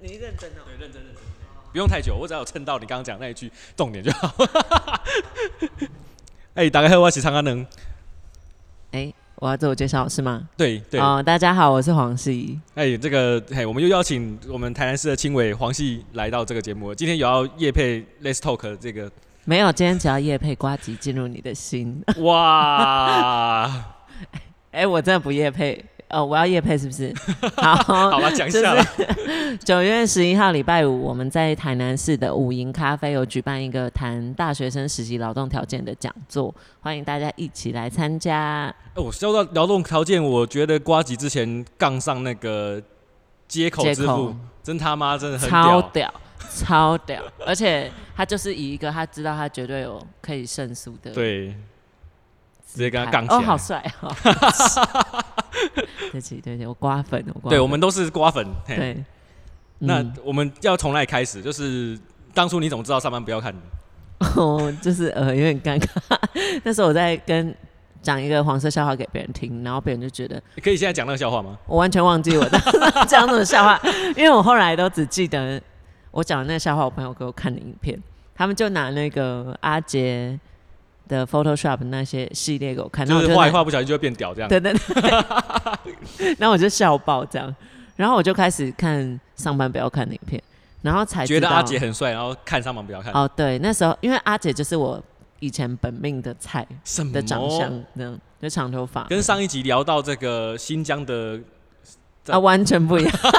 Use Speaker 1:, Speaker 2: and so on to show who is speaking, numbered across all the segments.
Speaker 1: 你認真的、喔、對，認真認真，
Speaker 2: 認真不用太久，我只要有蹭到你剛剛講那一句重點就好。哎、 欸，大家好，我是唱。安能。哎，我要自我介紹是嗎？
Speaker 1: 對對。對哦，大家好，我是黃夕。
Speaker 2: 哎、欸，這個嘿、欸，我們又邀請我們台南市的青委黃夕來到這個節目，今天有要業配 Let's Talk 這個？
Speaker 1: 沒有，今天只要業配呱吉進入你的心。
Speaker 2: 哇！哎、
Speaker 1: 欸，我真的不業配。呃、哦，我要業配是不是？ 好，好了、啊，講一下。九月十一號禮拜五，我們在台南市的午營咖啡有舉辦一個談大學生實習勞動條件的講座，歡迎大家一起來參加。
Speaker 2: 我收、哦、到勞動條件，我覺得呱吉之前槓上那個街口支付口，真他媽真的很屌超屌，
Speaker 1: 超屌， 而且他就是以一個他知道他絕對有可以勝訴的。對。
Speaker 2: 直接跟他槓起來、哦、好帥
Speaker 1: 啊！對不起、對不起，我呱粉，呱粉對，我們都是呱粉。對，
Speaker 2: 嗯、那我們要從哪裡開始？就是當初你怎麼知道上班不要看？哦，
Speaker 1: 就是呃，有點尷尬。 那時候我在跟講一個黃色笑話給別人聽，然後別人就覺得，你
Speaker 2: 可以現在講那個笑話嗎？
Speaker 1: 我完全忘記我
Speaker 2: 講那種笑話，
Speaker 1: 因為我後來都只記得我講的那個笑話，我朋友給我看的影片，他們就拿那個阿杰。的 Photoshop 那些系列給我看，就的、是、畫一畫，不小心就會變屌這樣。等等， 然後我就笑爆這樣，然後我就開始看《上班不要看》的影片，然後才覺得阿杰很帥，然後看《上班不要看》哦，對，那時候因為阿杰就是我以前本命的菜，什麼的長相，嗯，就長頭髮。
Speaker 2: 跟上一集聊到這個新疆的啊，完全不一樣，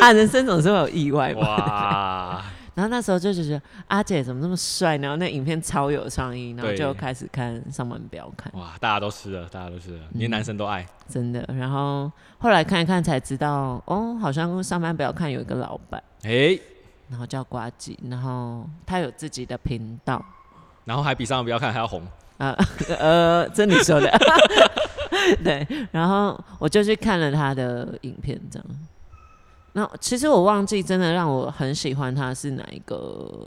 Speaker 2: 他、 啊、人生總是會有
Speaker 1: 意外吧？哇 然後那時候就覺得阿、啊、姐怎麼那麼帥？然後那影片超有創意，然後就開始看《上班不要看》。
Speaker 2: 哇，大家都吃了，大家都吃了，連男生都愛。嗯、
Speaker 1: 真的。然後後來看一看才知道，哦，好像《上班不要看》有一個老闆，哎、欸，然後叫呱吉，然後他有自己的頻道，
Speaker 2: 然後還比《上班不要看》還要紅。
Speaker 1: 啊呃，呃，這你說的。
Speaker 2: 對，
Speaker 1: 然後我就去看了他的影片，這樣。那其實我忘記，真的讓我很喜歡他是哪一個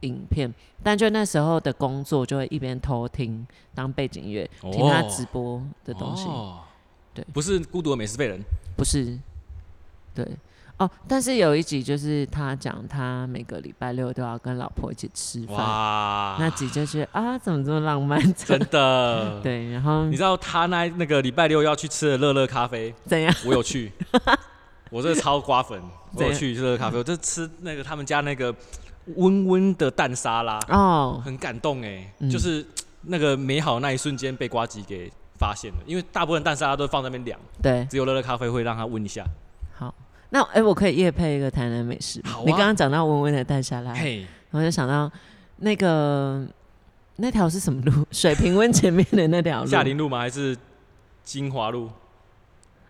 Speaker 1: 影片，但就那時候的工作，就會一邊偷聽當背景音樂，聽他直播的東西。Oh.
Speaker 2: Oh. 對，不是《孤獨的美食廢人》？
Speaker 1: 不是，對。哦，但是有一集就是他講，他每個禮拜六都要跟老婆一起吃飯。哇，Wow. 那集就是啊，怎麼這麼浪漫？真的。對，然後你知道
Speaker 2: 他那那個禮拜六要去吃的樂樂咖啡怎樣？我有去。 我這超呱粉，我去熱熱咖啡，嗯、我就吃那個他們家那個溫溫的蛋沙拉，哦，很感動哎，嗯、就是那個美好那一瞬間被呱吉給發現了，因為大部分蛋沙拉都放在那邊涼，對，只有熱熱咖啡會讓他溫一下。
Speaker 1: 好，那哎、欸，我可以業配一個台南美食。啊、你剛剛講到溫溫的蛋沙拉，嘿，我就想到那個那條是什麼路？水平溫前面的那條？ 夏林路
Speaker 2: 嗎？還是金華路？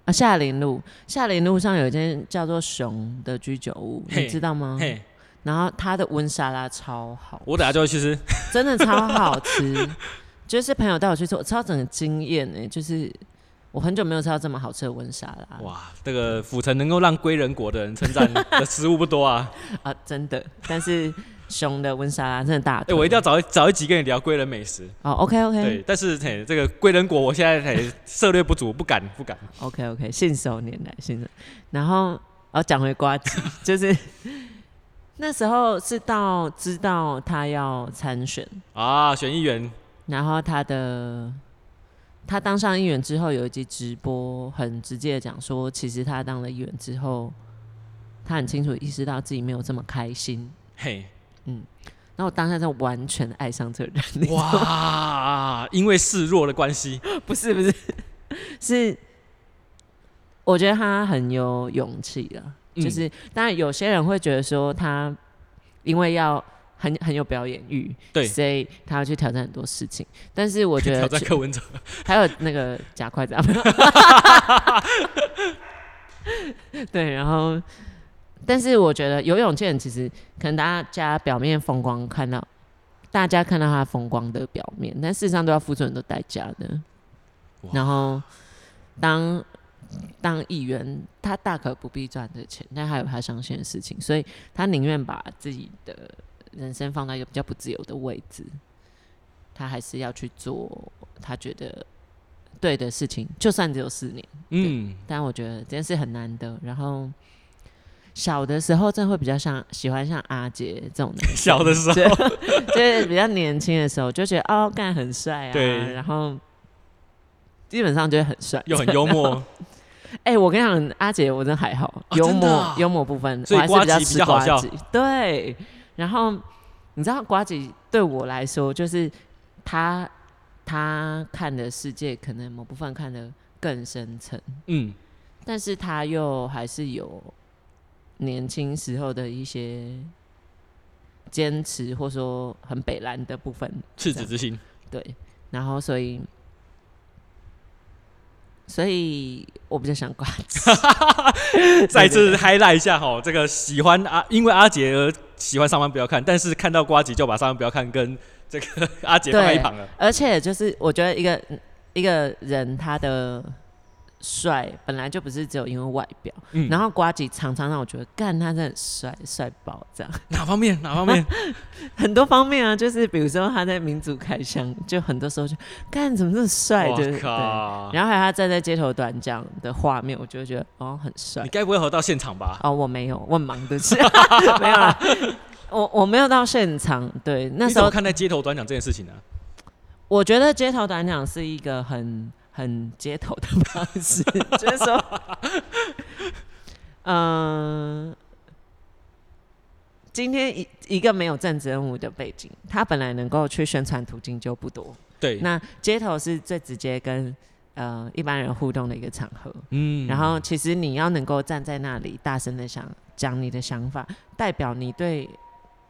Speaker 1: 啊，夏林路，夏林路上有一間叫做“熊”的居酒屋，你知道嗎？Hey, 然後它的溫沙拉超好吃，我等下就會去吃，真的超好
Speaker 2: 吃，
Speaker 1: 就是朋友帶我去吃，超整個經驗哎、欸，就是我很久沒有吃到這麼好吃的溫沙拉。哇，
Speaker 2: 這個府城能夠讓歸人國的人稱讚的食物不多啊
Speaker 1: 啊，真的，但是。 兇的溫莎拉真的大
Speaker 2: 推。對、欸，我一定要找一找一幾個人聊歸仁美食。
Speaker 1: 哦 o k OK, okay.。對，
Speaker 2: 但是嘿，這個歸仁國我現在嘿涉獵不足，不敢 不敢。不
Speaker 1: 敢 OK OK，信手拈來，信手。然後我、哦、講回呱吉， 就是那時候是到知道他要參選
Speaker 2: 啊，選議員。
Speaker 1: 然後他的他當上議員之後，有一集直播，很直接的講說，其實他當了議員之後，他很清楚意識到自己沒有這麼開心。嘿。Hey. 嗯，那我當下就完全的愛上這個人。哇，
Speaker 2: 因為示弱的關係？不是，不是，
Speaker 1: 是我覺得他很有勇氣的。嗯，就是當然有些人會覺得說他因為要很很有表演欲，對，所以他要去挑戰很多事情。但是我覺得，挑戰柯文哲還有那個夾筷子要要， 對，然後。但是我覺得有勇氣的人其實可能大家表面風光，看到大家看到他風光的表面，但事實上都要付出很多代價的。哇然後當，當當議員，他大可不必賺這錢，但還有他相信的事情，所以他寧願把自己的人生放在一個比較不自由的位置，他還是要去做他覺得對的事情，就算只有四年，嗯，但我覺得這件事很難得。然後。小的時候，真的會比較像喜歡像阿杰這種小的時候，就是比較年輕的時候，就覺得哦，幹很帥啊，然後基本上就是很帥，又很幽默。哎，我跟你講，阿杰，我真的還好，幽默幽默部分，我還是比較吃呱吉。對，然後你知道，呱吉對我來說，就是他他看的世界，可能某部分看的更深層，嗯，但是他又還是有。年輕時候的一些堅持，或者說很北蘭的部分，赤子之心，對。然後，所以，所以我比較想呱吉，再次 highlight
Speaker 2: 一下齁。這個喜歡啊，因為阿杰喜歡上班不要看，但是看到呱吉就把上班不要看跟這個阿杰放一旁了。
Speaker 1: 而且，就是我覺得一個一個人他的。帥本來就不是只有因為外表。嗯、然後呱吉常常讓我覺得，幹他真的很帥，帥爆這樣。哪方面？哪方面？ 很多方面啊，就是比如說他在民主開箱，就很多時候就幹怎麼這麼帥，oh, God. 對。然後還有他站在街頭短講的畫面，我就會覺得哦很帥。你
Speaker 2: 該不會有到現場吧？哦，
Speaker 1: 我沒有，我忙的是 沒有啦。我我沒有到現場，對 那時候你看待
Speaker 2: 街頭短講這件事情呢、啊，
Speaker 1: 我覺得街頭短講是一個很。很街頭的方式， 就是說，嗯、 呃，今天一一個沒有政治任務的背景，他本來能夠去宣傳途徑就不多。對，那街頭是最直接跟、呃、一般人互動的一個場合。嗯，然後其實你要能夠站在那裡大聲的想講你的想法，代表你對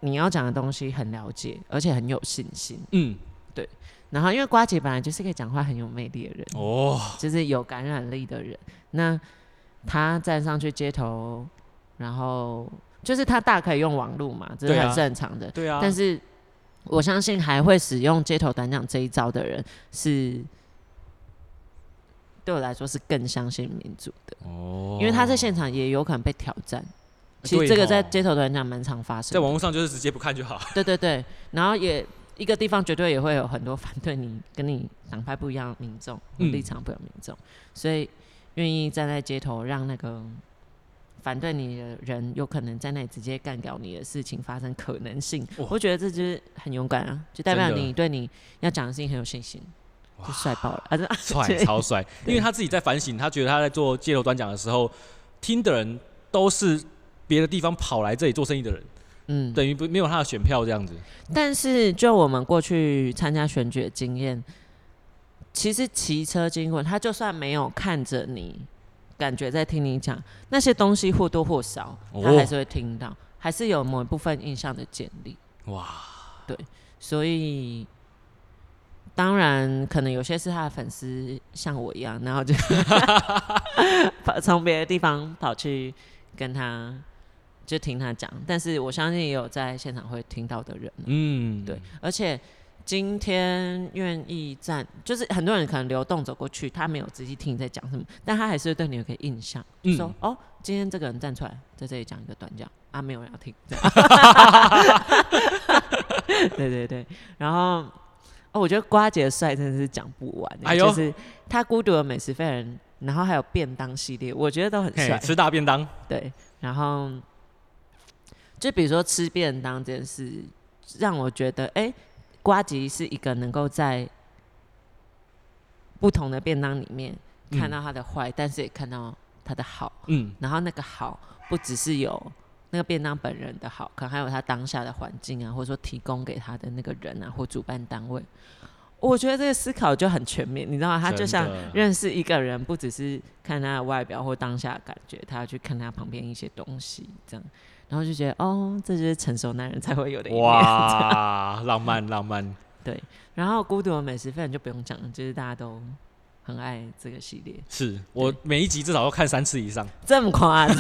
Speaker 1: 你要講的東西很了解，而且很有信心。嗯，對。然後，因為呱吉本來就是一個講話很有魅力的人，哦，oh. 就是有感染力的人。那他站上去街頭，然後就是他大可以用網路嘛，這是很正常的。對啊。對啊，但是我相信還會使用街頭短講這一招的人是，是對我來說是更相信民主的。哦。Oh. 因為他在現場也有可能被挑戰。其實這個在街頭短講蠻常發生。在網絡上就是直接不看就好。對對對，然後也。一個地方絕對也會有很多反對你、跟你黨派不一樣的民眾、立場不一樣的民眾，嗯、所以願意站在街頭讓那個反對你的人有可能在那裡直接干掉你的事情發生可能性。哇 我覺得這就是很勇敢啊，就代表你的對你要講的事情很有信心，就帥爆了哇 啊！帥超
Speaker 2: 帥， 對 因為他自己在反省，他覺得他在做街頭短講的時候，聽的人都是別的地方跑來這裡做生意的人。嗯，等於不沒有他的選票這樣子。但是
Speaker 1: 就我們過去參加選舉的經驗，嗯、其實騎車經過，他就算沒有看着你，感覺在聽你講那些東西或多或少，他還是會聽到，哦、還是有某一部分印象的建立。
Speaker 2: 哇，
Speaker 1: 對，所以當然可能有些是他的粉絲，像我一樣，然後就從別 的地方跑去跟他。就聽他講，但是我相信也有在現場會聽到的人，嗯，對。而且今天願意站，就是很多人可能流動走過去，他沒有仔細聽你在講什麼，但他還是對你有個印象，嗯、就說哦，今天這個人站出來在這裡講一個短講，啊，沒有人要聽。對對對，對，然後哦，我覺得呱吉的帥真的是講不完，哎、呦就是他孤獨的美食廢人，然後還有便當系列，我覺得都很帥，吃大便當，對，然後。就比如說吃便當這件事，讓我覺得，哎、欸，呱吉是一個能夠在不同的便當裡面看到他的壞，嗯、但是也看到他的好。嗯。然後那個好不只是有那個便當本人的好，可能還有他當下的環境啊，或者說提供給他的那個人啊，或主辦單位。我覺得這個思考就很全面，你知道嗎？他就像認識一個人，不只是看他的外表或當下的感覺，他要去看他旁邊一些東西，這樣。然後就覺得哦，這就是成熟男人才會有的一點哇樣，浪漫
Speaker 2: 浪漫。對，
Speaker 1: 然後孤獨的美食家就不用講了，就是大家都很愛這個系列。
Speaker 2: 是我對每一集至少要看三次以上，這麼誇張，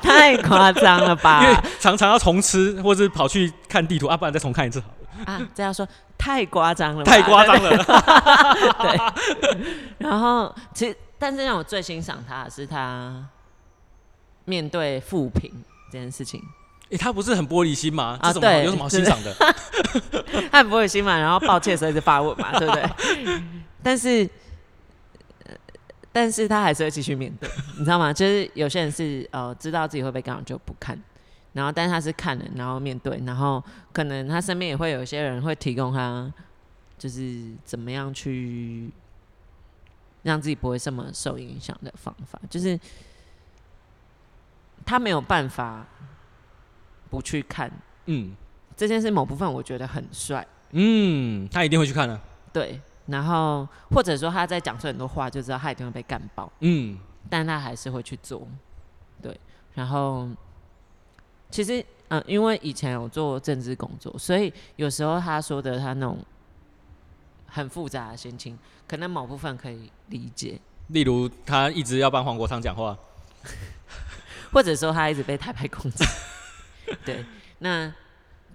Speaker 2: 太誇張了吧？因為常常要重吃，或者跑去看地圖啊，不然再重看一次好了。
Speaker 1: 啊，這樣說太誇張了，了，太誇張了。 對。然後，其實，但是讓我最欣賞他的是他面對負
Speaker 2: 評。這件事情，誒、欸，他不是很玻璃心嘛？啊，對，有什麼好欣賞的？是的 他
Speaker 1: 很玻璃心嘛，然後抱歉，所以就發問嘛， 對不對？但是，呃、但是他還是會繼續面對，你知道嗎？就是有些人是呃，知道自己會被干擾就不看，然後，但是他是看了，然後面對，然後可能他身邊也會有一些人會提供他，就是怎麼樣去讓自己不會這麼受影響的方法，就是。他沒有辦法不去看，嗯，這件事某部分我覺得很帥，
Speaker 2: 嗯，他一定會去看的、啊，
Speaker 1: 對。然後或者說他在講出很多話，就知道他一定會被乾爆，嗯，但他還是會去做，對。然後其實，嗯、呃，因為以前有做政治工作，所以有時候他說的他那種很複雜的心情，可能某部分可以理
Speaker 2: 解。例如，他一直要幫黃國昌講話。
Speaker 1: 或者說他一直被台派攻擊， 對，那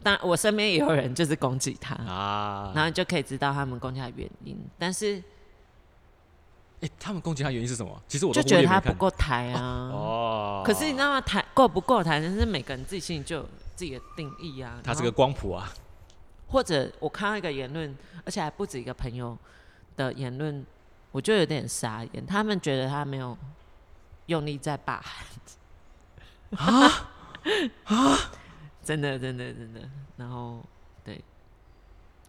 Speaker 1: 那我身邊也有人就是攻擊他，啊，然後就可以知道他們攻擊他的原因。但是，
Speaker 2: 欸，他們攻擊他的原因是什麼？其實我就覺得他不夠台啊，啊。哦，可是你
Speaker 1: 知道嗎？台夠不夠台，但是每個人自己心裡就有自己的定義啊。他是個光譜啊。或者我看到一個言論，而且還不止一個朋友的言論，我就有點傻眼。他們覺得他沒有用力在罷韓。啊啊！真的真的真的，然後
Speaker 2: 對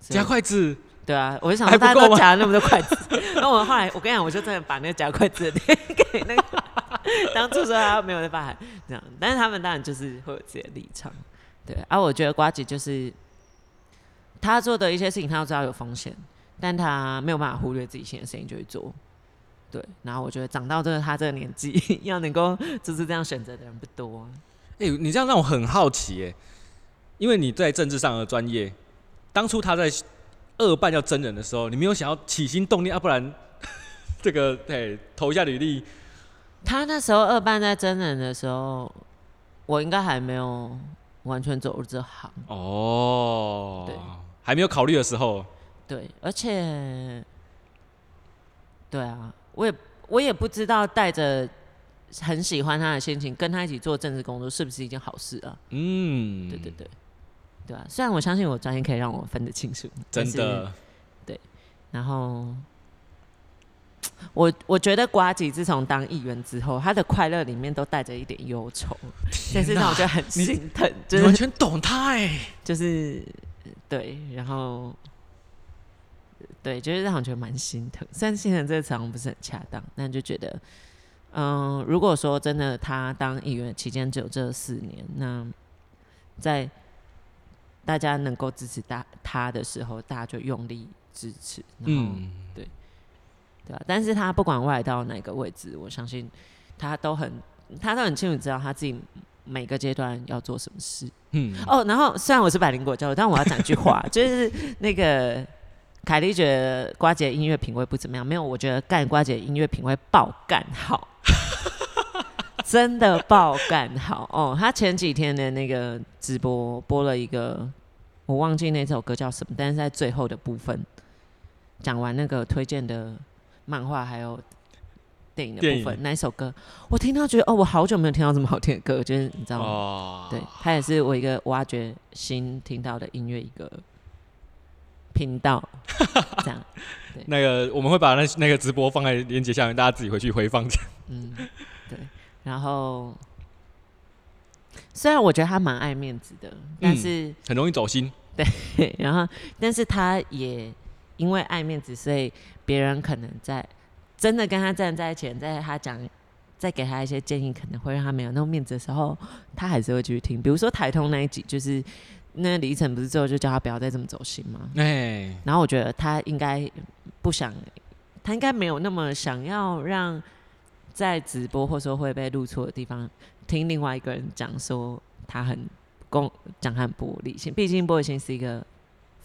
Speaker 2: 夾筷子，對啊，我就想說大家都夾了那麼多筷子，
Speaker 1: 然後我後來我跟你講，我就真的把那個夾筷子的給那個， 當初說他沒有在發海，這樣，但是他們當然就是會有自己的立場，對啊，我覺得呱吉就是他做的一些事情，他都知道有風險，但他沒有辦法忽略自己，現在事情就會做。對，然後我覺得長到這個他這個年紀，要能夠做出這樣選擇的人不多。哎、
Speaker 2: 欸，你這樣讓我很好奇哎、欸，因為你在政治上的專業。當初他在二班要徵人的時候，你沒有想要起心動念，要不然這個對投一下履歷。
Speaker 1: 他那時候二班在徵人的時候，我應該還沒有完全走入這行
Speaker 2: 哦，對，還沒有考慮的時候。
Speaker 1: 對，而且，對啊。我也我也不知道帶着很喜歡他的心情跟他一起做政治工作是不是一件好事啊？嗯，對對對，對啊。雖然我相信我專業可以讓我分得清楚，真的但是。對，然後我我覺得呱吉自從當議員之後，她的快樂裡面都帶着一點憂愁，但是讓我就很心疼，你就是、完全懂她、欸，哎，就是對，然後。對，就是讓我覺得蠻心疼，雖然心疼這個詞不是很恰當，但就覺得，嗯，如果說真的他當議員期間只有這四年，那在大家能夠支持大他,他的時候，大家就用力支持，然後嗯，對，對啊，但是他不管外到哪個位置，我相信他都很，他都很清楚知道他自己每個階段要做什麼事。嗯，哦，oh, 然後雖然我是百靈果教，但我要講一句話， 就是那個。凱莉覺得呱吉的音樂品味不怎麼樣，沒有，我覺得幹呱吉的音樂品味爆幹好， 真的爆幹好哦。她前幾天的那個直播播了一個，我忘記那首歌叫什麼，但是在最後的部分講完那個推薦的漫畫還有電影的部分，電影。那一首歌我聽到覺得哦，我好久沒有聽到這麼好聽的歌，就是你知道嗎？哦、對他也是我一個挖掘新聽到的音樂一個頻道 這樣，對，
Speaker 2: 那個我們會把那那個直播放在鏈接下面，大家自己回去回放這樣。嗯，
Speaker 1: 對。然後，雖然我覺得他蠻愛面子的，但是、嗯、很容易走心。
Speaker 2: 對，然
Speaker 1: 後，但是他也因為愛面子，所以別人可能在真的跟他站在一起，在他講再給他一些建議，可能會讓他沒有那種面子的時候，他還是會繼續聽。比如說台通那一集，就是。那李晨不是最後就叫他不要再這麼走心嗎？哎，Hey. 然後我覺得他應該不想，他應該沒有那麼想要讓在直播或者說會被錄錯的地方聽另外一個人講說他很公，講很玻璃心，畢竟玻璃心是一個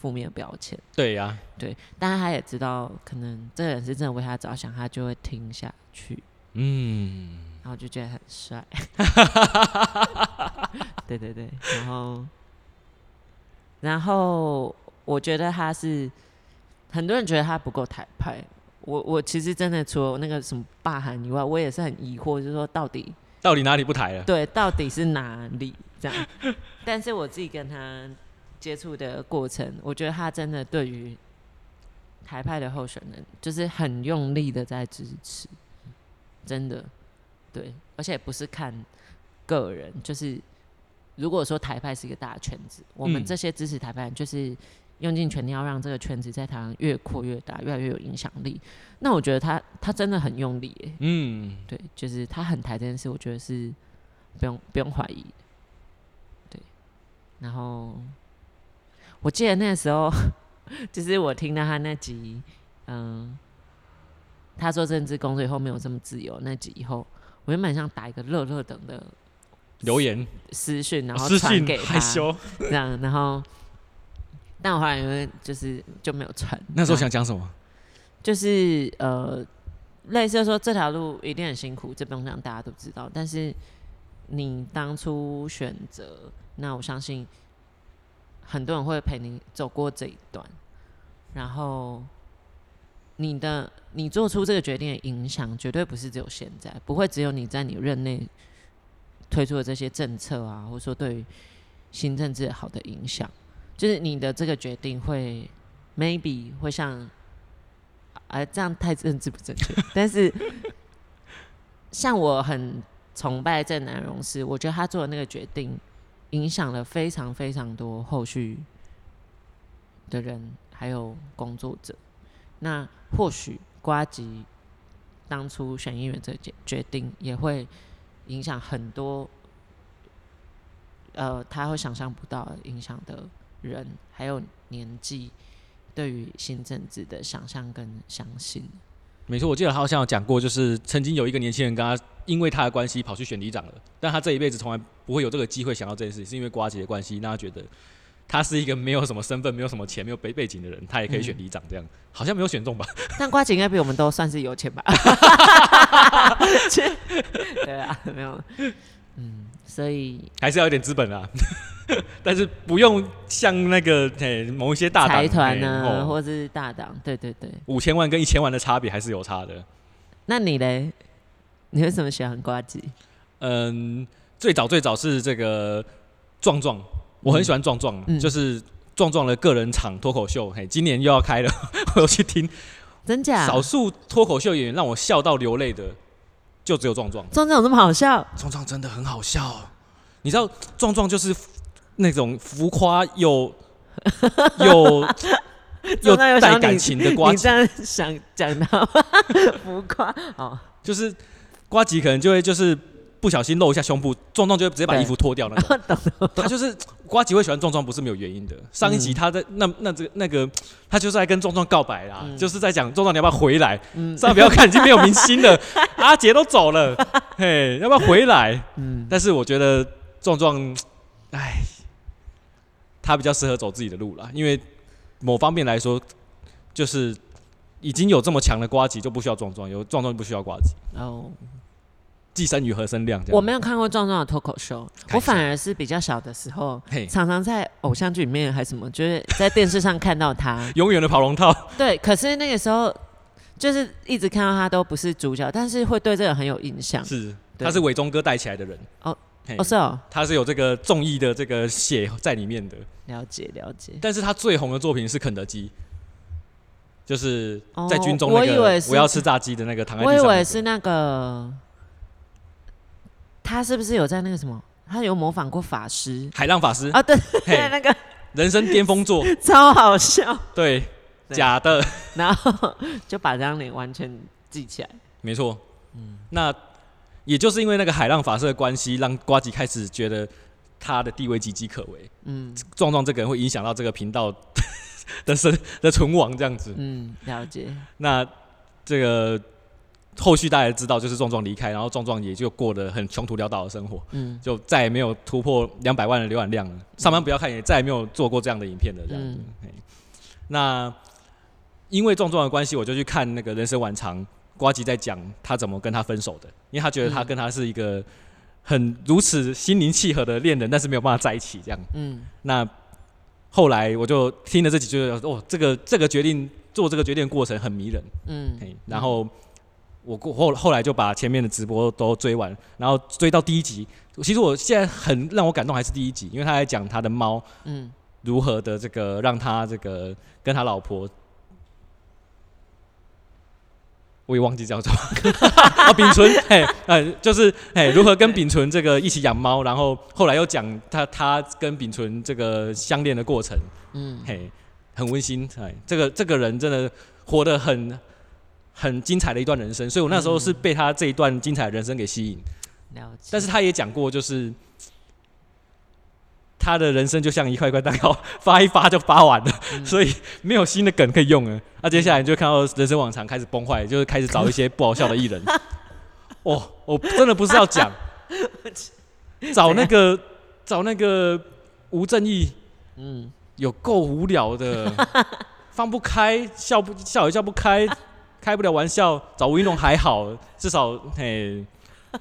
Speaker 1: 負面標籤。對呀、啊，對，但是他也知道可能這人是真的為他着想，他就會聽下去。嗯，然後就覺得很帥。 對對對，然後。然後我覺得他是很多人覺得他不夠台派，我我其實真的除了那個什麼霸韓以外，我也是很疑惑，就是說到底
Speaker 2: 到底哪裡不台了？對，
Speaker 1: 到底是哪裡這樣？但是我自己跟他接觸的過程，我覺得他真的對於台派的候選人，就是很用力的在支持，真的對，而且不是看個人，就是。如果說台派是一個大的圈子，我們這些支持台派人就是用盡全力要讓這個圈子在台灣越擴越大，越來越有影響力。那我覺得他他真的很用力，欸，嗯，對，就是他很台這件事，我覺得是不用不用懷疑。對，然後我記得那時候就是我聽到他那集，嗯，他說政治工作以後沒有這麼自由那集以後，我就蠻想打一個樂樂等的。留言、私訊，然後傳給他，害羞這樣，然後，但我後來因為就是就沒有傳。 對那時候想講什麼？就是呃，類似說這條路一定很辛苦，這不用講，大家都知道。但是你當初選擇，那我相信很多人會陪你走過這一段。然後你的你做出這個決定的影響，絕對不是只有現在，不會只有你在你任內。推出的這些政策啊，或者說對新政治好的影響，就是你的這個決定會 maybe 會像，啊這樣太政治不正確，但是 像我很崇拜鄭南榕，是我覺得他做的那個決定，影響了非常非常多後續的人，還有工作者。那或許呱吉當初選議員這決決定也會。影響很多，呃，他會想象不到影響的人，還有年紀對於新政治的想象跟相信。
Speaker 2: 沒錯，我記得他好像有講過，就是曾經有一個年輕人，跟他因為他的關係跑去選里長了，但他這一輩子從來不會有這個機會想到這件事情，是因為呱吉的關係，那他覺得。他是一個沒有什麼身份、沒有什麼錢、沒有背背景的人，他也可以選里長，這樣、嗯、好像沒有選中吧？
Speaker 1: 但呱吉應該比我們都算是有錢吧？
Speaker 2: 對啊，沒有，嗯，所以還是要有點資本啊， 但是不用像那個、欸、某一些大財團呢，或
Speaker 1: 者是大黨，
Speaker 2: 對對對，五千萬跟一千萬的差別還是有差的。
Speaker 1: 那你嘞，你為什麼喜歡呱吉？
Speaker 2: 嗯，最早最早是這個壯壯。我很喜歡壯壯，嗯、就是壯壯的個人場脫口秀，嗯、嘿，今年又要開了， 我要去聽。真假？少數脫口秀演員讓我笑到流淚的，就只有壯壯。壯壯有這麼好笑？壯壯真的很好笑，喔，你知道，壯壯就是那種浮誇又又又，帶感情的呱吉。 你這樣
Speaker 1: 想講到 浮誇
Speaker 2: 哦，就是呱吉可能就會就是不小心露一下胸部，壯壯就會直接把衣服脫掉了。他就是。呱吉會喜歡壯壯不是沒有原因的。上一集他在那那這個、那個，他就是在跟壯壯告白啦，嗯、就是在講壯壯你要不要回來？嗯、上班不要看已經沒有明星了， 阿杰都走了， 嘿，要不要回來？嗯，但是我覺得壯壯，哎，他比較適合走自己的路了，因為某方面來說，就是已經有這麼強的呱吉就不需要壯壯，有壯壯就不需要呱吉。哦。Oh. 既生瑜何生亮，我
Speaker 1: 沒有看過壯壯的脫口秀，我反而是比較小的時候，嘿常常在偶像劇裡面還是什麼，就是在電視上看
Speaker 2: 到他， 永遠的跑龍套。
Speaker 1: 對，可是那個時候就是一直看到他都不是主角，但是會對這個很有印象。是，對他是
Speaker 2: 偉忠哥帶起來的人。哦，嘿哦是哦，他是有這個綜藝的這個血在裡面的。了解了解。了解但是他最紅的作品是肯德基，就是在軍中那個我要吃炸雞的那個躺在地上、哦、我,我以為
Speaker 1: 是那個。他是不是有在那個什麼？他有模仿過法師海浪法師啊？對
Speaker 2: 對，hey, 那個人生巔峰作
Speaker 1: 超好笑。
Speaker 2: 對，對假的。
Speaker 1: 然後就把這張臉完全記起來。
Speaker 2: 沒錯，嗯。那也就是因為那個海浪法師的關係，讓呱吉開始覺得他的地位岌岌可危。嗯。壯壯這個人會影響到這個頻道的生的存亡，這樣子。嗯，了解。那這個。後續大家知道，就是壯壯離開，然後壯壯也就過得很窮途潦倒的生活，嗯，就再也沒有突破兩百萬的瀏覽量了。嗯、上班不要看，也再也沒有做過這樣的影片了這樣子。嗯、那因為壯壯的關係，我就去看那個人生晚長呱吉在講他怎麼跟他分手的，因為他覺得他跟他是一個很如此心靈契合的戀人，但是沒有辦法在一起這樣。嗯，那後來我就聽了這幾句說，哦，這個這個決定做這個決定的過程很迷人，嗯，然後。我過後後來就把前面的直播都追完，然後追到第一集。其實我現在很讓我感動，還是第一集，因為他在講他的貓，嗯，如何的這個讓他這個跟他老婆，我也忘記叫做 啊，秉存，哎、 嗯，就是哎，如何跟秉存這個一起養貓，嗯、然後後來又講他他跟秉存這個相戀的過程，嗯，嘿，很溫馨，哎，這個這個人真的活得很。嗯很精彩的一段人生，所以我那時候是被他這一段精彩的人生給吸引。嗯、了解。但是他也講過，就是他的人生就像一塊塊蛋糕，發一發就發完了，嗯、所以沒有新的梗可以用了。那、啊、接下來你就看到《人生往常》開始崩壞，就是開始找一些不好笑的藝人。 哦，我真的不是要講，找那個樣找那個吳正義。嗯，有夠無聊的，放不開，笑不笑也笑不開。開不了玩笑，找吳雲龍還好，至少嘿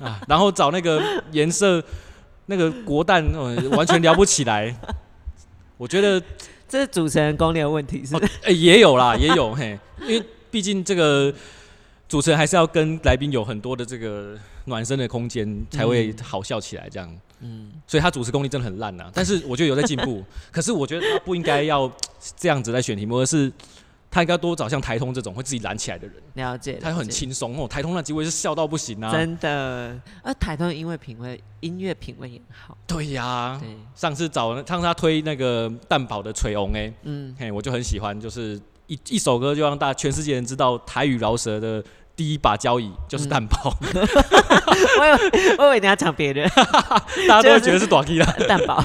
Speaker 2: 啊，然後找那個顏色 那個國蛋，呃，完全聊不起來。 我覺得這是主持人功力的問題，是嗎？哦欸、也有啦，也有 嘿，因為畢竟這個主持人還是要跟來賓有很多的這個暖身的空間，才會好笑起來。這樣，嗯，嗯，所以他主持功力真的很爛啊。但是我覺得有在進步。 可是我覺得他不應該要這樣子來選題目，而 是。他應該多找像台通這種會自己攬起來的人。了解，了解他很輕鬆哦。台通那幾位是笑到不行啊！真
Speaker 1: 的，啊、台通因為品味音樂品味也好。對
Speaker 2: 呀、啊對，上次找讓他推那個蛋堡的崔龍哎，嗯，嘿，我就很喜歡，就是一一首歌就讓大家全世界人知道台語饒舌的第一把交椅就是蛋堡。我我以為你要講別人， 大家都會覺得是短期了蛋堡。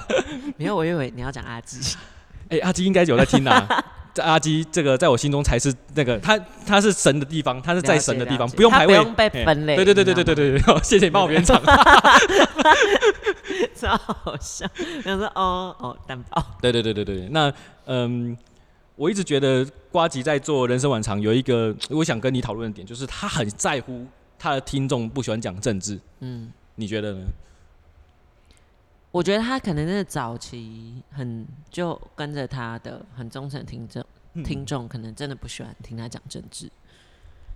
Speaker 2: 沒有，我
Speaker 1: 以為你要講阿基。
Speaker 2: 哎，阿基應該有在聽啊！這阿基，這個在我心中才是那個他，他是神的地方，他是在神的地方，不用排位，不用被分類。對對對對對對，謝謝你幫我圓場。
Speaker 1: 超好笑，他說哦哦蛋包。
Speaker 2: 對對對對對。那嗯，我一直覺得呱吉在做人生晚長，有一個我想跟你討論的點就是，他很在乎他的聽眾不喜歡講政治。嗯，你覺得呢？
Speaker 1: 我覺得他可能真的早期很就跟着他的很忠誠聽眾，嗯、聽眾可能真的不喜歡聽他講政治，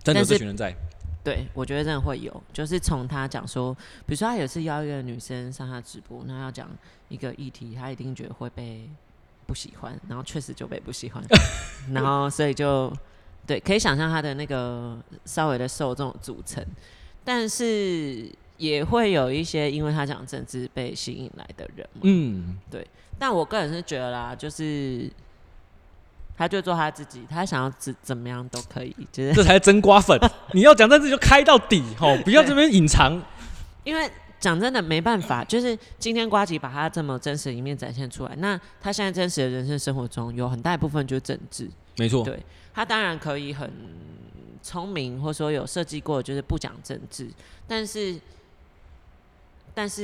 Speaker 1: 真的這群人在對，我覺得真的會有，就是從他講說，比如說他有次邀一個女生上他直播，那要講一個議題，他一定覺得會被不喜歡，然後確實就被不喜歡， 然後所以就對，可以想象他的那個稍微的受眾組成，但是。也會有一些因為他講政治被吸引來的人，嗯，對。但我個人是覺得啦，就是他就做他自己，他想要怎怎麼樣都可以，就是這才是真
Speaker 2: 呱粉。 你要講政治就開
Speaker 1: 到底 齁，不要這邊隱藏。因為講真的沒辦法，就是今天呱吉把他這麼真實的一面展現出來，那他現在真實的人生生活中有很大一部分就是政治，沒錯錯。對，他當然可以很聰明，或者說有設計過，就是不講政治，但是。但是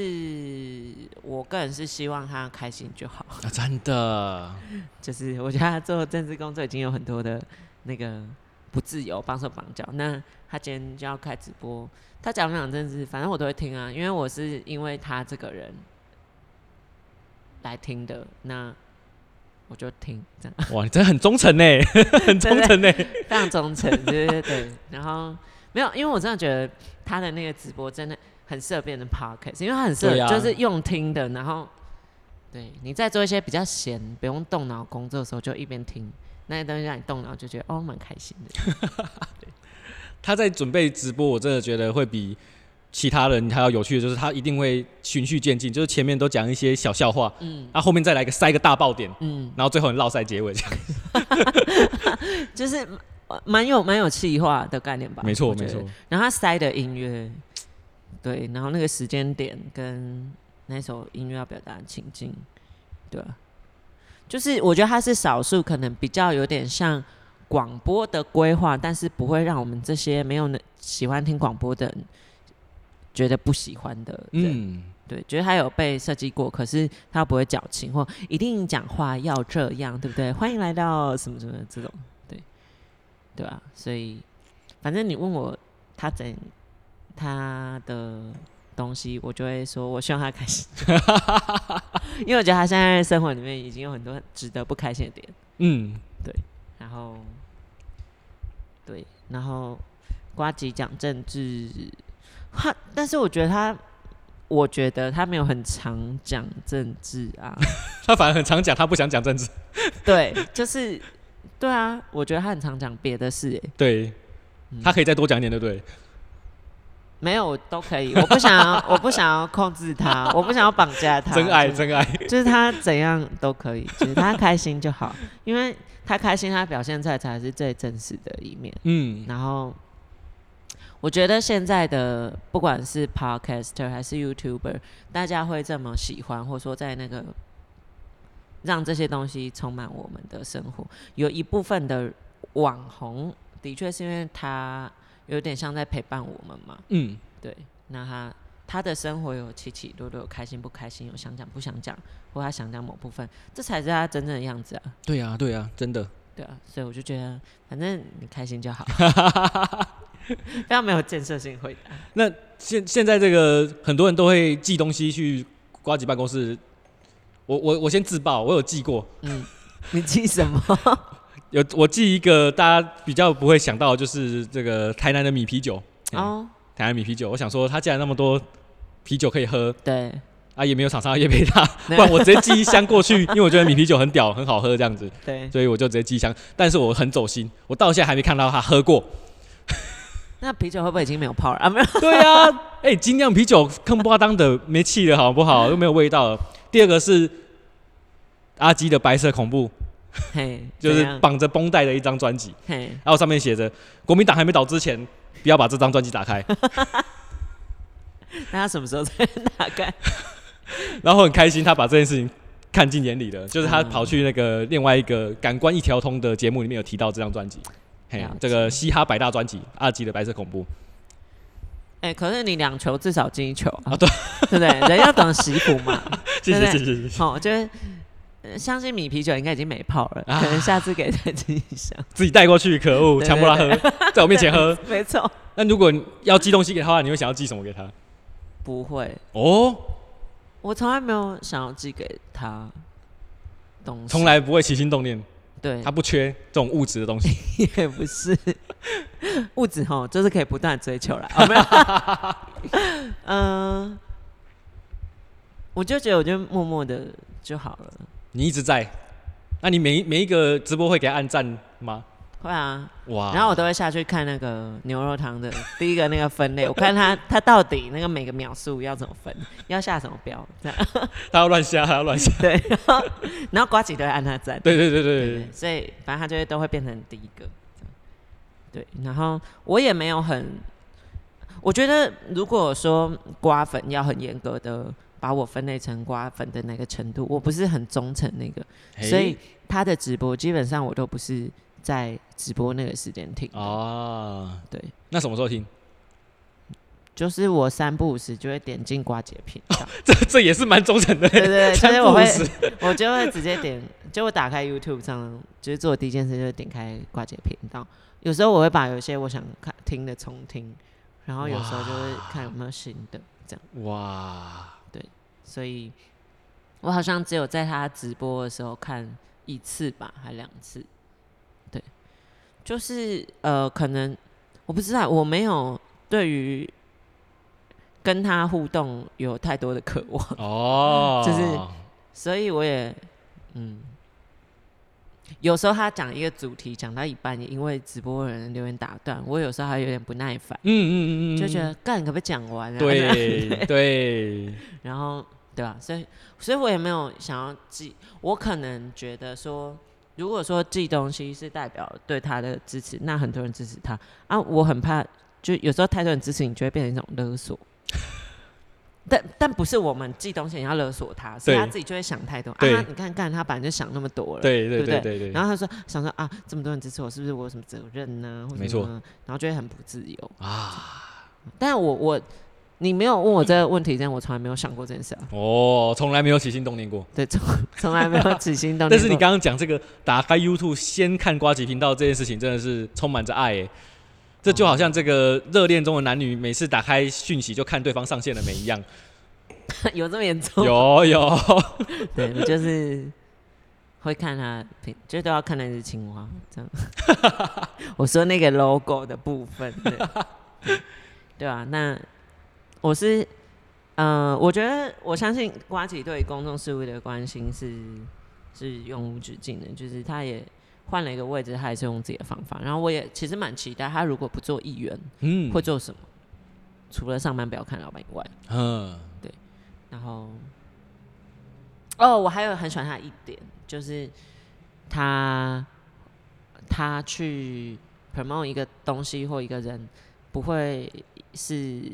Speaker 1: 我個人是希望他開心就好啊。真的， 就是我覺得他做政治工作已經有很多的，那個不自由、綁手綁腳。那他今天就要開直播，他講不講政治，反正我都會聽啊，因為我是因為他這個人來聽的，那我就聽這樣。哇，你真的很忠誠呢， 很忠誠呢， 非常忠誠，就是，對對對。 然後沒有，因為我真的覺得他的那個直播真的。很適合變成 podcast 因為它很適合，就是用聽的。啊、然後，對你在做一些比較閒、不用動腦工作的時候，就一邊聽那些東西，讓你動腦，就覺得哦，蠻開心的。
Speaker 2: 他在準備直播，我真的覺得會比其他人還要有趣，的就是他一定會循序漸進，就是前面都講一些小笑話，嗯，那、啊、後面再來一個塞一個大爆點，嗯，然後最後你落塞結尾這樣，
Speaker 1: 就是蠻有蠻有氣化的概念吧，沒錯錯沒錯錯。然後他塞的音樂。嗯對，然後那個時間點跟那首音樂要表達的情境，對吧，啊？就是我覺得他是少數可能比較有點像廣播的規劃，但是不會讓我們這些沒有喜歡聽廣播的人覺得不喜歡的。人。嗯、對，覺得他有被設計過，可是他不會矯情或一定講話要這樣，對不對？歡迎來到什麼什麼這種，對對吧，啊？所以反正你問我他怎。他的東西，我就會說，我希望他開心，因為我覺得他現在生活裡面已經有很多很值得不開心的點。嗯，對。然後，對，然後呱吉講政治，他但是我覺得他，我覺得他沒有很常講政治啊。他反而很常講，他不想講政治。對，就是，對啊，我覺得他很常講別的事，哎。對他可以再多講一點，對不對？沒有，都可以。我不想要， 我不想要控制他， 我不想要綁架他。真愛，真愛。就是他怎樣都可以， 就是他開心就好。因為他開心，他表現在才是最真實的一面。嗯。然後，我覺得現在的不管是 Podcaster 還是 YouTuber，大家會這麼喜歡，或者說在那個讓這些東西充滿我們的生活，有一部分的網紅的確是因為他。有點像在陪伴我們嘛，嗯，對。那他他的生活有起起落落，有開心不開心，有想講不想講，或他想講某部分，這才是他真正的樣子啊。
Speaker 2: 對啊，對啊，真的。對啊，所以我就覺得，
Speaker 1: 反正你開心就好。 非常沒有建設性回答。
Speaker 2: 那現現在這個很多人都會寄東西去呱吉辦公室。我我我先自爆，我有寄過。
Speaker 1: 嗯，你寄什
Speaker 2: 麼？ 有我寄一個大家比較不會想到，就是這個台南的米啤酒。哦。台南米啤酒，我想說他既然那麼多啤酒可以喝，對。啊，也沒有廠商要一他，不然我直接寄一箱過去，因為我覺得米啤酒很屌，很好喝這樣子。對。所以我就直接寄一箱，但是我很走心，我到現在還沒看到他喝過對。
Speaker 1: 那啤酒會不會
Speaker 2: 已經沒有泡了啊,沒對啊、欸？沒有。對呀，哎，精釀啤酒坑巴當的沒氣了，好不好？又沒有味道了。第二個是阿基的白色恐怖。嘿， 就是綁着繃帶的一張專輯，嘿，然後上面寫着“國民黨還沒倒之前，不要把這張專輯打開。”
Speaker 1: 那他什麼時候才打開？然
Speaker 2: 後很開心，他把這件事情看進眼裡的，就是他跑去那個另外一個《感官一條通》的節目裡面有提到這張專輯，嘿，這個嘻哈百大專輯二級的《白色恐怖》。
Speaker 1: 哎、欸，可是你兩球至少進一球啊？啊對，對不對，對？人要懂得惜福嘛。謝謝謝謝謝謝。好、哦，就是。相信米啤酒應該已經沒泡了，可能下次給他喝一下。
Speaker 2: 自己帶過去，可惡，強迫他喝，在我面前喝。沒錯。那如果要寄東西給他的話，你會想要寄什麼給他？不會。哦。
Speaker 1: 我從來沒有想要寄
Speaker 2: 給他東西。從來不會起心動念。對，他不缺這
Speaker 1: 種物質的東西。
Speaker 2: 也不是物質哈，就是可以不斷追求啦。嗯，我就覺得，我就默默的就好了。你一直在，那你每每一個直播會
Speaker 1: 給他按贊嗎？會啊，哇！然後我都會下去看那個牛肉湯的第一個那個分類， 我看他他到底那個每個秒數要怎麼分，要下什麼標。這樣，
Speaker 2: 他要亂下，他要亂下。對，然
Speaker 1: 後然後呱吉都會按他贊。 對，對，對，對對對對。對對對對。所以反正他就會都會變成第一個。對，然後我也沒有很，我覺得如果說呱粉要很嚴格的把我分類成呱粉的那個程度，我不是很忠誠那個，Hey. 所以他的直播基本上我都不是在直播那個時間聽哦。Oh, 對，那什麼時候聽？就是我三不五時就會點進呱吉頻道，oh, 這這也是蠻忠誠的，對,對對。就是我會， 我就會直接點，就會打開 YouTube 上，就是做第一件事就是點開呱吉頻道。有時候我會把有些我想看聽的重聽，然後有時候就會看有沒有新的 Wow. 這樣。哇。Wow. 所以，我好像只有在他直播的時候看一次吧，還兩次，對，就是呃，可能我不知道，我沒有對於跟他互動有太多的渴望，Oh. 嗯，就是，所以我也嗯。有時候他講一個主題講到一半，因為直播人留言打斷，我有時候還有點不耐煩，嗯嗯嗯嗯，就覺得幹可不可以講完？對對，然後對吧？所以，所以我也沒有想要寄，我可能覺得說，如果說寄東西是代表對他的支持，那很多人支持他啊，我很怕就有時候太多人支持你，就會變成一種勒索。 但但不是我們寄東西要勒索他，所以他自己就會想太多。對啊。對你看，看，看他本來就想那麼多了，對對對對。然後他說想說啊，這麼多人支持我，是不是我有什麼責任呢？或者什麼沒錯。然後覺得很不自由啊。但我我你沒有問我這個問題之前，嗯、但我從來沒有想過這件事，啊。
Speaker 2: 哦，從來沒有起心動念過。對，從從來沒有起心動念。 但是你剛剛講這個，打開 YouTube 先看呱吉頻道這件事情，真的是充滿着愛。這就好像這個熱戀中的男女，每次打開訊息就看對方上線了沒一樣。
Speaker 1: 有這麼嚴重？有有，有 對，就是會看他，就都要看那隻青蛙這樣。 我說那個 logo 的部分，對，對，對啊。那我是，嗯、呃，我覺得我相信呱吉對公眾事務的關心是是永無止境的，就是他也。換了一個位置，他還是用自己的方法。然後我也其實蠻期待他如果不做議員，嗯，會做什麼？除了上班不要看老闆以外，嗯、啊，對。然後哦，我還有很喜歡他一點，就是他他去 promote 一個東西或一個人，不會是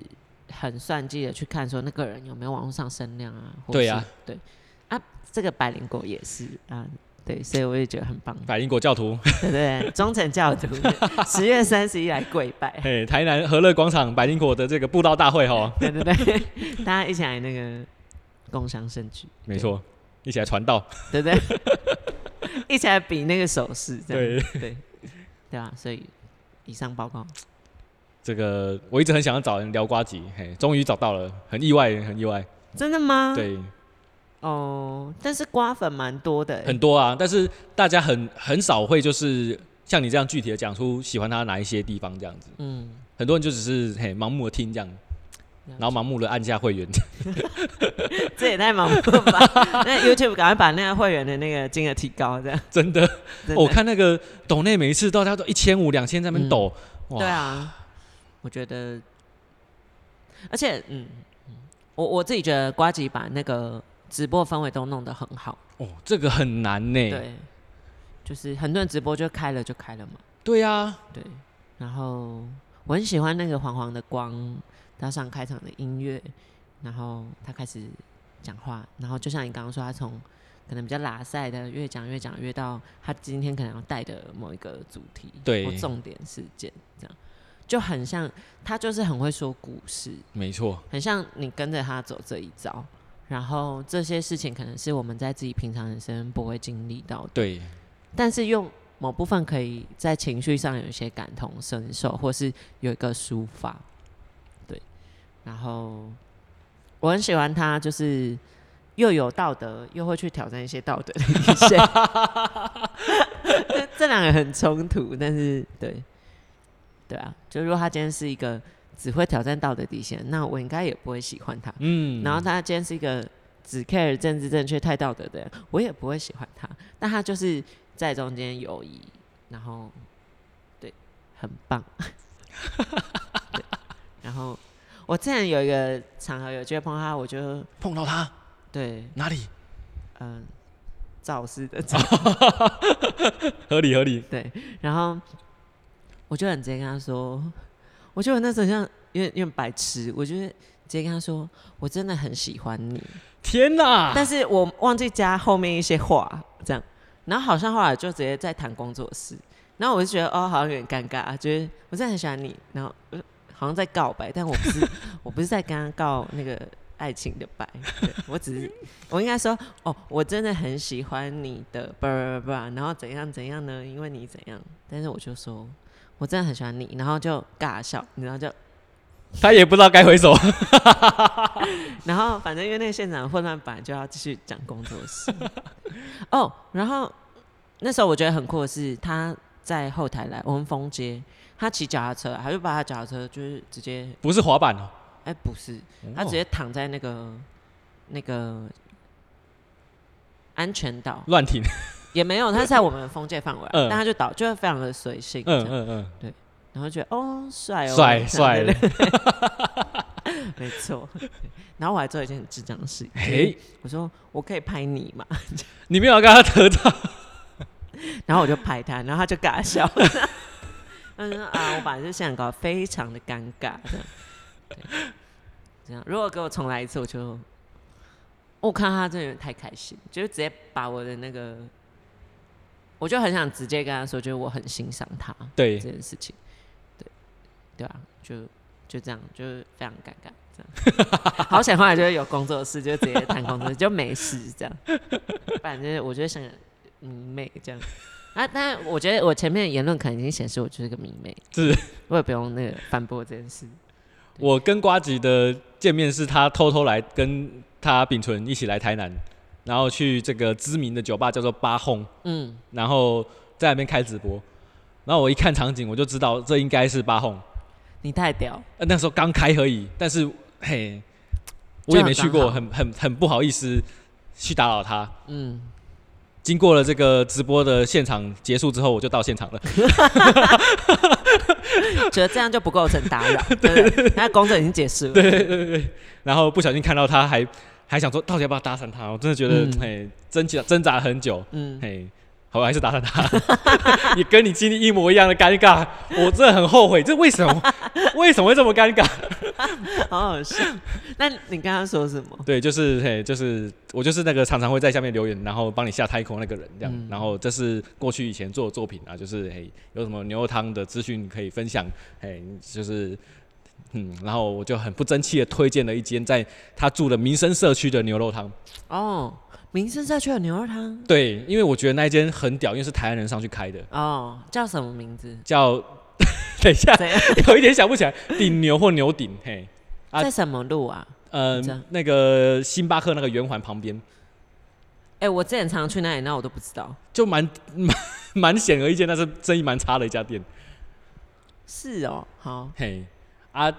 Speaker 1: 很算計的去看說那個人有沒有網絡上聲量啊？對啊，或是對啊，這個百靈果也是啊。
Speaker 2: 對，所以我也覺得很棒。百靈果教徒，對，對對，忠誠教徒，
Speaker 1: 十 月三十一來跪拜。
Speaker 2: 哎，台南和樂廣場百靈果的這個布道大會哈。對對對，
Speaker 1: 大家一起來那個共襄盛舉。
Speaker 2: 沒錯錯，對一起來傳道。對，對對？
Speaker 1: 一起來比那個手勢。對對對吧？所以以上報告。
Speaker 2: 這個我一直很想要找人聊呱吉，嘿，終於找到了，很意外，很意外。真的嗎？對。
Speaker 1: 哦，oh, 但是瓜粉蠻多的，很
Speaker 2: 多啊。但是大家很很少會就是像你這樣具體的講出喜歡他哪一些地方這樣子。嗯，很多人就只是嘿盲目的聽這樣，然後盲目的按下會員。
Speaker 1: 這也太盲目了吧？ 那 YouTube 趕快把那個會員的那個金額提高這樣。真的，真的、哦，我看那個
Speaker 2: 抖內每一次到他都一千五、兩千在那邊抖。嗯、哇對
Speaker 1: 啊，我覺得，而且嗯，我我自己覺得呱吉把那個。直播氛圍都弄得很好哦，
Speaker 2: 這個很難呢。對，
Speaker 1: 就是很多人直播就開了就開了嘛。對呀，啊，對。然後我很喜歡那個黃黃的光，搭上開場的音樂，然後他開始講話，然後就像你剛剛說，他從可能比較喇賽的，越講越講越到他今天可能要帶的某一個主題，對，或重點事件這樣，就很像他就是很會說故事，沒錯，很像你跟着他走這一招。然後這些事情可能是我們在自己平常人生不會經歷到的，對。但是用某部分可以在情緒上有一些感同身受，或是有一個抒發，對。然後我很喜歡他，就是又有道德，又會去挑戰一些道德的一些。 這、這兩個很衝突，但是對，對啊，就是說他今天是一個。只會挑戰道德底線，那我應該也不會喜歡他。嗯，然後他今天是一個只 care 政治正確、太道德的人，我也不會喜歡他。但他就是在中間友誼，然後對，很棒。 然後我之前有一個場合有機會碰,碰到他，我就碰到他。對，哪裡？嗯、呃，造勢的場合。趙， 合理合理。對，然後我就很直接跟他說。我覺得我那時候像有點有點白癡，我覺得直接跟他說，我真的很喜歡你，天哪！但是我忘記加後面一些話，這樣，然後好像後來就直接在談工作室，然後我就覺得哦，好像有點尷尬，就是我真的很喜歡你，然後好像在告白，但我不是， 我不是在跟他告那個愛情的白，我只是 我應該說哦，我真的很喜歡你的巴拉巴拉，然後怎樣怎樣呢？因為你怎樣，但是我就說。我真的很喜歡你，然後就尬、啊、笑，然後就
Speaker 2: 他也不知道該回什麼，
Speaker 1: 然後反正因為那個現場混亂，本就要繼續講工作室哦，然後那時候我覺得很酷的是他在後台來，我們封街，他騎腳踏車，還是把他腳踏車就是直接不是滑板哦、喔，哎、欸、不是，他直接躺在那個那個安全島亂、oh. 停。.也沒有，他是在我們封建範圍，嗯、但他就倒，就是非常的隨性嗯，嗯嗯嗯，對，然後就覺得哦帥哦帥帥，
Speaker 2: 帥沒錯，
Speaker 1: 然後我還做了一件很智障的事情嘿，我說我可以拍你嘛，你沒有要跟他得到， 然後我就拍他，然後他就尬笑，他 說啊，我把這現場搞得非常的尷尬，這樣，如果給我重來一次，我就，我看他真的有點太開心，就是直接把我的那個。我就很想直接跟他說，就是我很欣賞他對這件事情，對，對啊，就就這樣，就是非常尷尬這樣。 好險後來就是有工作室，就直接談工作， 就沒事這樣。反正 我覺得想，明、嗯、美這樣。啊，但我覺得我前面的言論可能已經顯示我就是個迷妹，是，我也不用那個反駁這件事。
Speaker 2: 我跟呱吉的見面是他偷偷來，跟他秉存一起來台南，然後去這個知名的酒吧叫做八 Home，嗯，然後在那邊開直播，然後我一看場景，我就知道這應該是八 Home、
Speaker 1: ah。你太屌、呃！
Speaker 2: 那時候剛開而已，但是嘿，我也沒去過，很很很不好意思去打擾他。
Speaker 1: 嗯，
Speaker 2: 經過了這個直播的現場結束之後，我就到現場了，
Speaker 1: 覺得這樣就不構成打擾。 對，對，對，對，對，那工作已經解
Speaker 2: 釋了。對，對對對，然後不小心看到他還。還想說到底要不要搭訕他？我真的覺得，嗯、嘿，掙扎掙扎了很久，嗯，嘿，好，還是搭訕他。 也跟你經歷一模一樣的尷尬，我真的很後悔，這為什麼？ 為什麼會這麼尷尬？ 好好笑。那你剛剛說什麼？對，就是嘿，就是我就是那個常常會在下面留言，然後幫你下太空那個人這樣。嗯、然後這是過去以前做的作品啊，就是嘿，有什麼牛肉湯的資訊可以分享？嘿，就是。嗯，然後我就很不爭氣的推薦了一間在他住的民生社區的牛肉湯。哦
Speaker 1: ，oh, 民生社區的牛肉湯。
Speaker 2: 對，因為我覺得那間很屌，因為是台南人上去開的。哦，oh,
Speaker 1: 叫什麼名字？
Speaker 2: 叫，等一下，樣 有一點想不起來，頂牛或牛頂， 嘿。啊、在什麼路啊？嗯、呃，那個星巴克那個圓環旁邊。哎、欸，我之前常，常去那裡，那我都不知道。就蠻蠻顯而易見，那是生意蠻差的一家店。是哦，好，嘿。啊，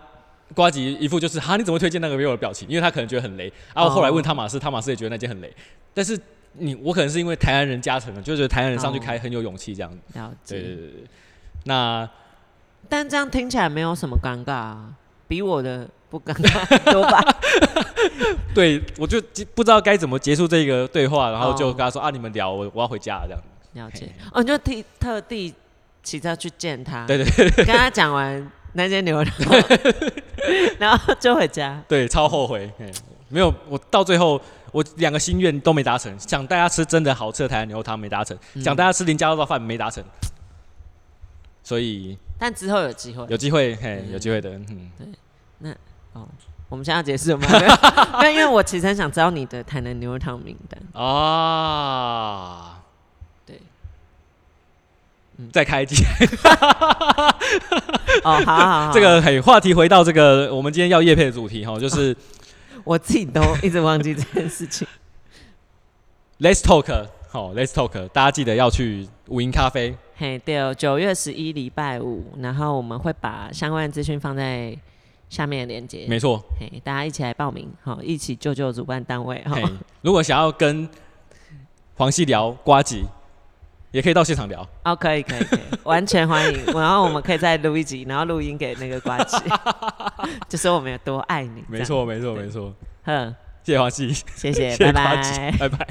Speaker 2: 呱吉一副就是哈，你怎麼推薦那個 Vivo 的表情？因為他可能覺得很雷。然、啊、後後來問湯瑪斯，湯、oh. 瑪斯也覺得那件很雷。但是你我可能是因為台灣人加成了，就覺得台灣人上去開很有勇氣這樣。了解。對對對那，但這樣聽起來沒有什麼尷尬、啊，比我的不
Speaker 1: 尷尬多吧？
Speaker 2: 對，我就不知道該怎麼結束這個對話，然後就跟他說、oh. 啊，你們聊，我我要回家了這樣。了解。
Speaker 1: 嘿嘿哦，你就特特地騎車去見他。對對對，對。跟他講完。 那些牛肉湯， 然後就回家。
Speaker 2: 對，超後悔。沒有，我到最後，我兩個心願都沒達成。想大家吃真的好吃的台南牛肉湯沒達成，嗯、想大家吃林家肉包飯沒達成。所以，但之後有機會，有機會，嘿，有機會的。嗯嗯、對，
Speaker 1: 那哦，我們現在要解釋什麼？ 沒有，因為我其實很想知道你的台南牛肉
Speaker 2: 湯名單啊。再開機。
Speaker 1: 哦，好好好，好。這個
Speaker 2: 嘿，話題回到這個，我們今天要業配的主題哈、哦，就是，哦、我自己都一直忘記這件事情。 Let's talk，好，哦，Let's talk，大家記得要去午營咖啡。嘿，
Speaker 1: 對哦，九月十一禮拜五，然後我們會把相關的資訊放在下面的連結。沒錯錯，嘿，大家一起來報名，好，哦，一起救救主辦單位，好，哦。
Speaker 2: 如果想要跟黃夕聊呱吉，也可以到現場聊
Speaker 1: 哦，可以可以，完全歡迎。然後我們可以再錄一集，然後錄音給那個呱吉， 就是我們有多愛你。沒錯錯沒錯沒錯，哼，謝謝黃夕，謝謝， 謝謝拜拜， 拜拜。